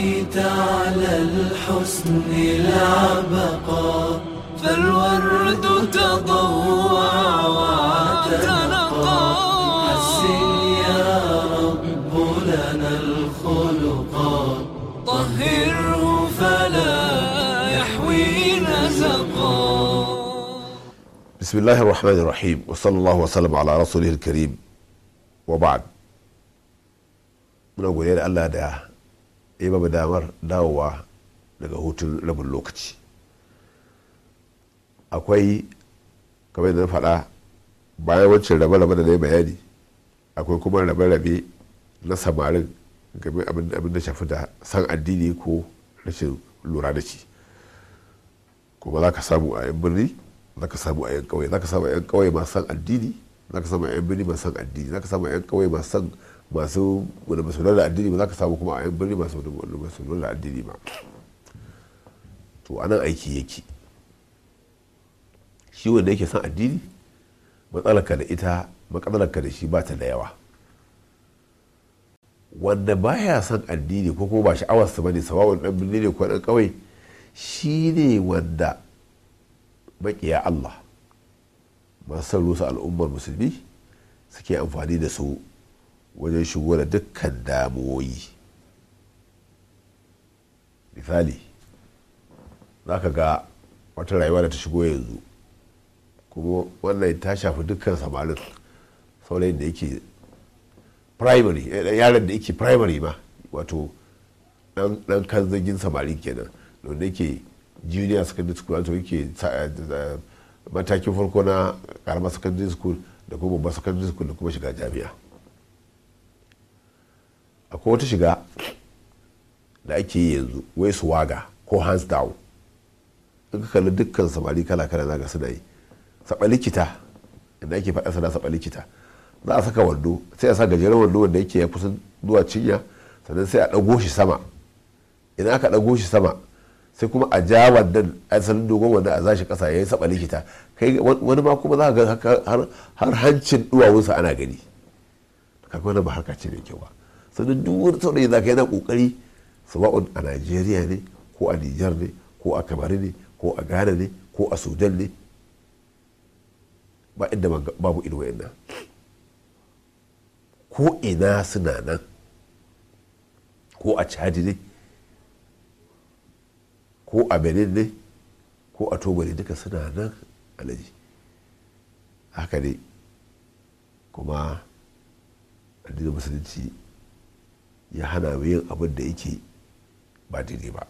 بقيت على الحسن العبقى فالورد تضوع وتنقى حسن يا رب لنا الخلقا طهره فلا يحوي نزقا بسم الله الرحمن الرحيم وصلى الله وسلم على رسوله الكريم وبعد من godiya da Allah ya ba damar dawowa daga hutun rabin lokaci akwai kamar da na faɗa bayan wancan rabe-rabe da na yi bayani akwai kuma rabe-rabe na samarin game abin da shafi da san addini ko rashin lura da shi kuma za ka samu a 'yan birni za ka samu a 'yan ƙauye za ka samu a 'yan ƙauye masu san addini za ka samu a 'yan birni masu san addini za ka samu a 'yan ƙauye masu san masu wani masu su addini ba za ka samu kuma a yan birni masu wani ba addini ba to anan aiki yake shi wanda yake son addini matsalarka da ita matsalarka da shi ba ta da yawa wanda baya son addini ko kuma ba sha'awarsa ba ne sawa'un dan birni ne ko dan kawai shi ne wanda makiya Allah masu son rusa al'ummar musulmi suke amfani da su wajen shigo da dukkan damuwoyi misali za ka ga wata rayuwa da ta shigo yanzu kuma wannan ta shafi dukkan samarin saurayin da yake primary eh, yaran da yake primary ma wato dan kan zagin samari kenan wanda yake junior secondary school wato yake eh, matakin farko na karamar secondary school da kuma babbar secondary school da kuma shiga jami'a akwai wata shiga da ake yi yanzu wai su waga ko hands down in ka kalli dukkan samari kala kala za ka suna yi sabalikita inda ake faɗa sana sabalikita za a saka wando sai a sa gajeren wando wanda yake ya kusan zuwa cinya sannan sai a ɗago shi sama idan aka ɗago shi sama sai kuma a ja wannan asalin dogon wanda a zashi ƙasa ya yi kita kai wani ma kuma za ka ga har hancin duwawunsa ana gani kakwai na ba harka ce mai kyau ba sannan duk wani saurayi za ka yana kokari sawa'un a najeriya ne ko a nijar ne ko a kamar ne ko a ghana ne ko a sudan ne ba inda babu irin yana. ko ina suna nan ko a chadi ne ko a benin ne ko a togo ne duka suna nan alaji haka ne kuma addinin musulunci ya hana mu yin abin da yake ba daidai ba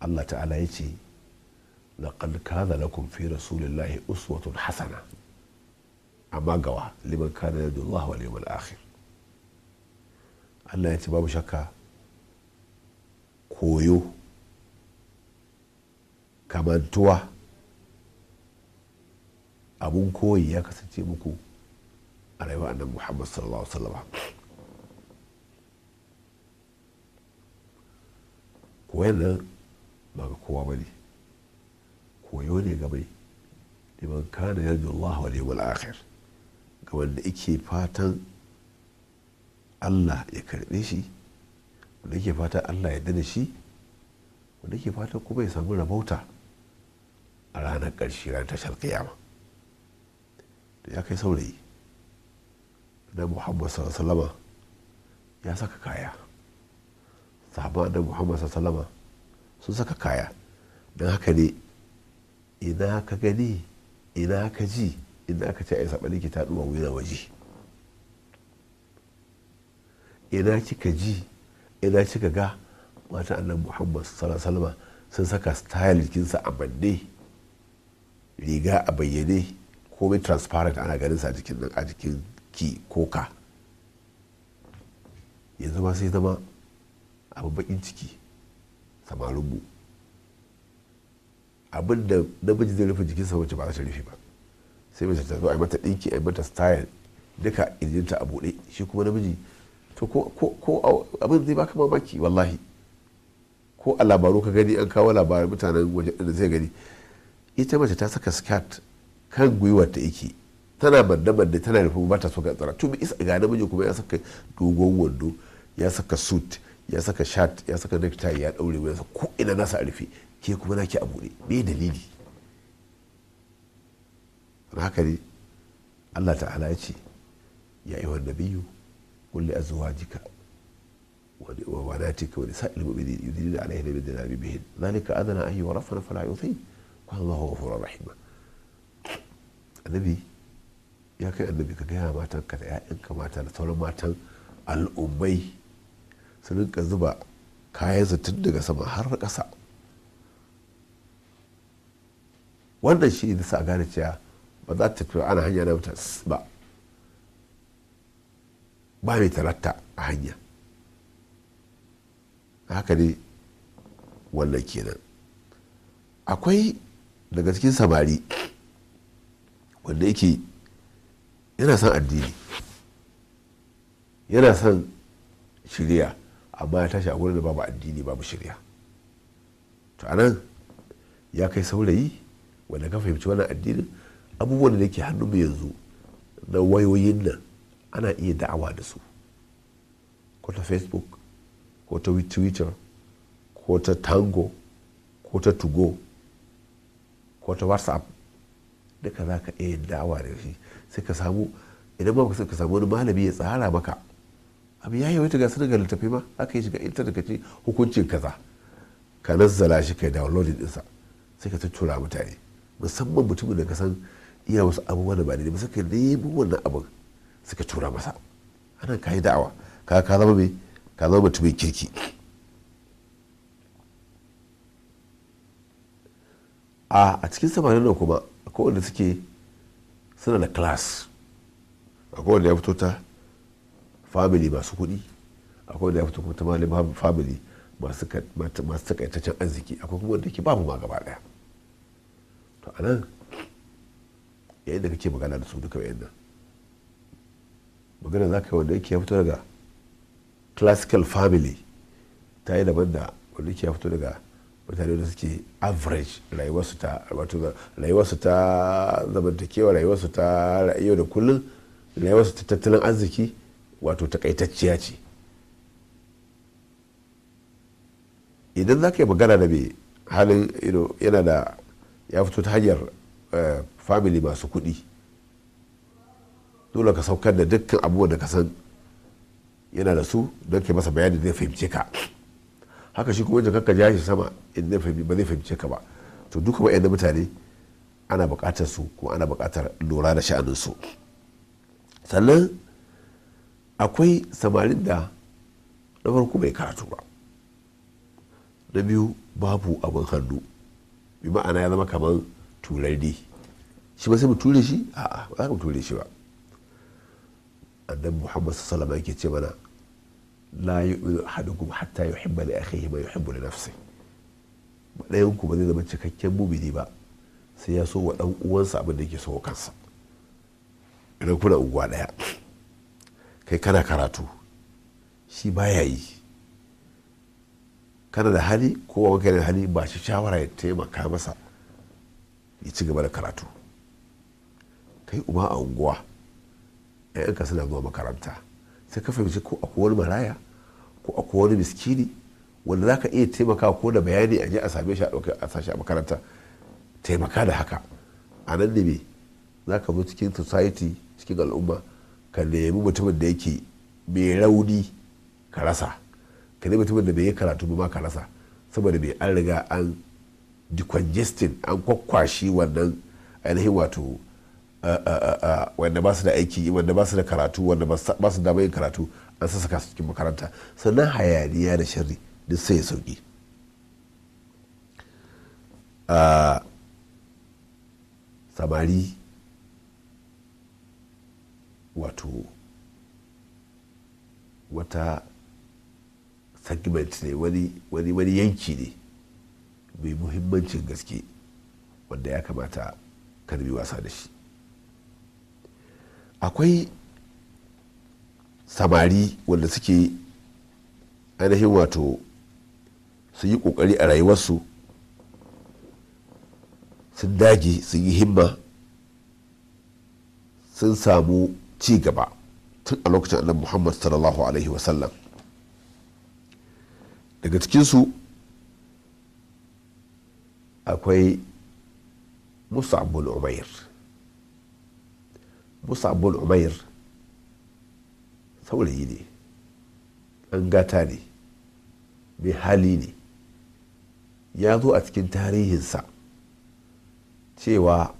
allah ta'ala ya ce laqad kana lakum fi rasulillahi uswatun hasana amma gawa liman kana allah wal yawmal akhir allah ya ce babu shakka koyo kamantuwa abun koyi ya kasance muku a rayuwa annabi muhammad sallallahu alaihi wasallam wayannan ba ga kowa ba ne koyo ne gamai liman kana yarju Allah wa yawmal akhir ga wanda yake fatan Allah ya karbe shi wanda yake fatan Allah ya dana shi wanda yake fatan kuma ya samu rabauta a ranar ƙarshe ranar tashar kiyama da ya kai saurayi na Muhammad sallallahu ya saka kaya sahaban annabi muhammad sallama sun saka kaya don haka ne ina ka gani ina ka ji ina ka ce a yi ki ta ɗuwa wina waje ina kika ji ina kika ga mata annabi muhammad sallama sun saka style jikinsa a manne riga a bayyane komai transparent ana ganin sa a jikin ki koka. yanzu ma sai zama abu bakin ciki samarinmu abin da namiji zai rufe jikin wacce ba za ta rufe ba sai mace ta zo a yi mata ɗinki a yi mata style duka injinta a buɗe shi kuma namiji to ko abin zai baka mamaki wallahi ko a labaru ka gani an kawo labarin mutanen waje da zai gani ita mace ta saka skirt kan gwiwar ta iki tana banda banda tana rufe ba ta so ga tsara to isa ga namiji kuma ya saka dogon wando ya saka suit ya saka shat ya saka necktie ya daure wani ko ina nasa a rufe ke kuma naki a buɗe me dalili na haka ne Allah ta'ala ya ce ya yi wanda biyu kulle a zuwa jika kulli azwajika wa wadatika wa nisa'il mu'minin yudinina alaihi min jalabibihin zalika adana an yi wa rafa yu'rafna fala yuthin qala Allahu ghafurur rahim annabi ya kai annabi ka gaya matan ka da 'ya'yanka mata da sauran matan al'ummai su rinka zuba kayan tun daga sama har kasa wannan shi da sa gane cewa ba za ta tafi ana hanya na mutu ba ba mai talatta a hanya haka ne wannan kenan akwai daga cikin samari wanda yake yana son addini yana son shirya amma ya tashi a wurin da babu addini babu shirya to anan ya kai saurayi wanda ka fahimci wannan addinin abubuwan da ke hannu mu yanzu na wayoyin nan ana iya da'awa da su ko ta facebook ko ta twitter ko ta tango ko ta tugo ko ta whatsapp duka za ka iya da'awa da shi sai ka samu idan ba ka samu wani malami ya tsara maka abu ya wata gasar ga littafi ma aka yi shiga ita ka ce hukuncin kaza ka nazzala shi kai download sa sai ka tattura mutane musamman mutumin da ka san iya wasu abubuwa da ba ne ba suka nemi wannan abin suka tura masa ana ka yi da'awa ka ka zama mai ka zama mutumin kirki a a cikin samanin nan kuma akwai wanda suke suna da class akwai wanda ya fito ta family masu kuɗi akwai da ya fito kuma ta family masu takaitaccen arziki akwai kuma wanda ke babu ma gaba daya to a nan yayin da kake magana da su duka wayan nan magana za ka yi wanda yake ya fito daga classical family ta yi daban da wanda yake ya fito daga mutane da suke average rayuwarsu ta wato rayuwarsu ta zamantakewa rayuwarsu ta yau da kullum rayuwarsu ta tattalin arziki wato takaitacciya ce idan za ka yi magana da mai halin yana da ya fito ta hanyar eh, family masu kuɗi dole ka saukar da dukkan abubuwan da ka san yana da su don ke masa bayani zai fahimce ka haka shi kuma jaka ka ja shi sama in ba zai fahimce ka ba to duka wa'yan mutane ana bukatar su kuma ana bukatar lura da sha'anin su sannan akwai samarin da na farko bai karatu ba na biyu babu abin hannu bi ma'ana ya zama kamar turarri shi ba sai mu ture shi a ba za mu ture shi ba annabi muhammad salama yake ce mana la yu'minu ahadukum hatta yuhibba li akhihi ma yuhibbu li na ɗayan ku ba zai zama cikakken mumini ba sai ya so wa ɗan uwansa abin da yake so kansa idan kuna unguwa ɗaya kai kana karatu shi baya yi kana da hali ko ba da hali ba shi shawara ya taimaka masa ya ci gaba da karatu kai uba a unguwa yanka suna zuwa makaranta sai ka fahimci ko akwai wani maraya ko akwai wani miskini wanda za ka iya taimaka ko da bayani a je a same shi a sashi a makaranta taimaka da haka a nan ne me za ka zo cikin society cikin al'umma ka nemi mutumin da yake mai rauni ka rasa ka nemi mutumin da bai yi karatu ba ka rasa saboda mai an riga an decongesting an kwakwashi wannan ainihin wato wanda ba su da aiki wanda ba su da karatu wanda ba su damar yin karatu an sassaka su cikin makaranta sannan hayaniya da sharri duk sai ya sauki samari wato wata segment ne wani yanki ne mai muhimmancin gaske wanda ya kamata karbi wasa da shi akwai samari wanda suke ainihin wato su yi kokari a rayuwarsu sun dage sun yi himma sun samu ci gaba tun a lokacin annabi muhammad sallallahu alaihi wasallam daga cikinsu akwai musabul umair musabul umair saurayi ne an gata ne mai hali ne ya zo a cikin tarihinsa cewa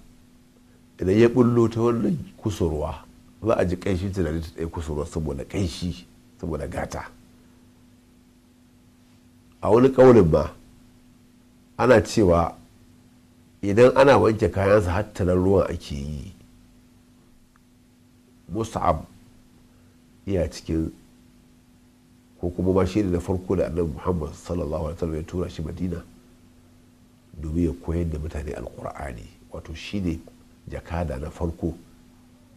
idan ya bullo ta wannan kusurwa za a ji ƙanshi tunani ta ɗaya kusurwa saboda kanshi saboda gata a wani ƙaunin ma ana cewa idan ana wanke kayansa hattalar ruwan ake yi musa'ab iya cikin ko kuma ba shi ne na farko da annabi muhammad sallallahu alaihi wasallam ya tura shi madina domin ya koyar da mutane alkur'ani wato shi ne jakada na farko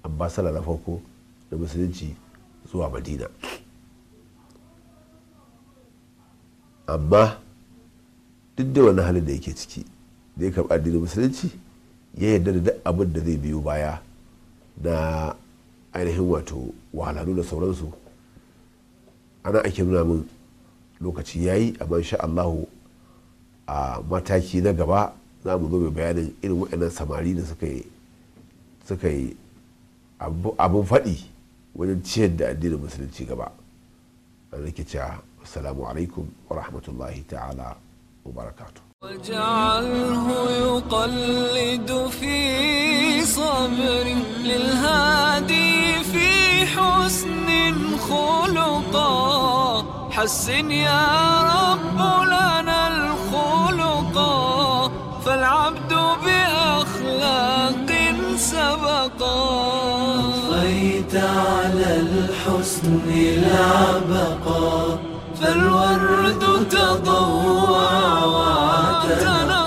Ambasara na farko da musulunci zuwa madina amma duk da wani halin da yake ciki da ya karɓi addinin musulunci ya yarda da duk abin da zai biyo baya na ainihin wato wahalhalu da sauransu ana ake nuna min lokaci ya yi amma insha Allahu a mataki na gaba za mu zo mai bayanin irin waɗannan samari da suka yi abun faɗi wajen ciyar da addinin musulunci gaba nake cewa assalamu alaikum wa rahmatullahi ta'ala wa barakatuh واجعله يقلد في صبر للهادي في حسن خلقا حسن يا رب لنا الخلقا فالعبد أنت على الحسن لا بقى فالورد تضوى وتنى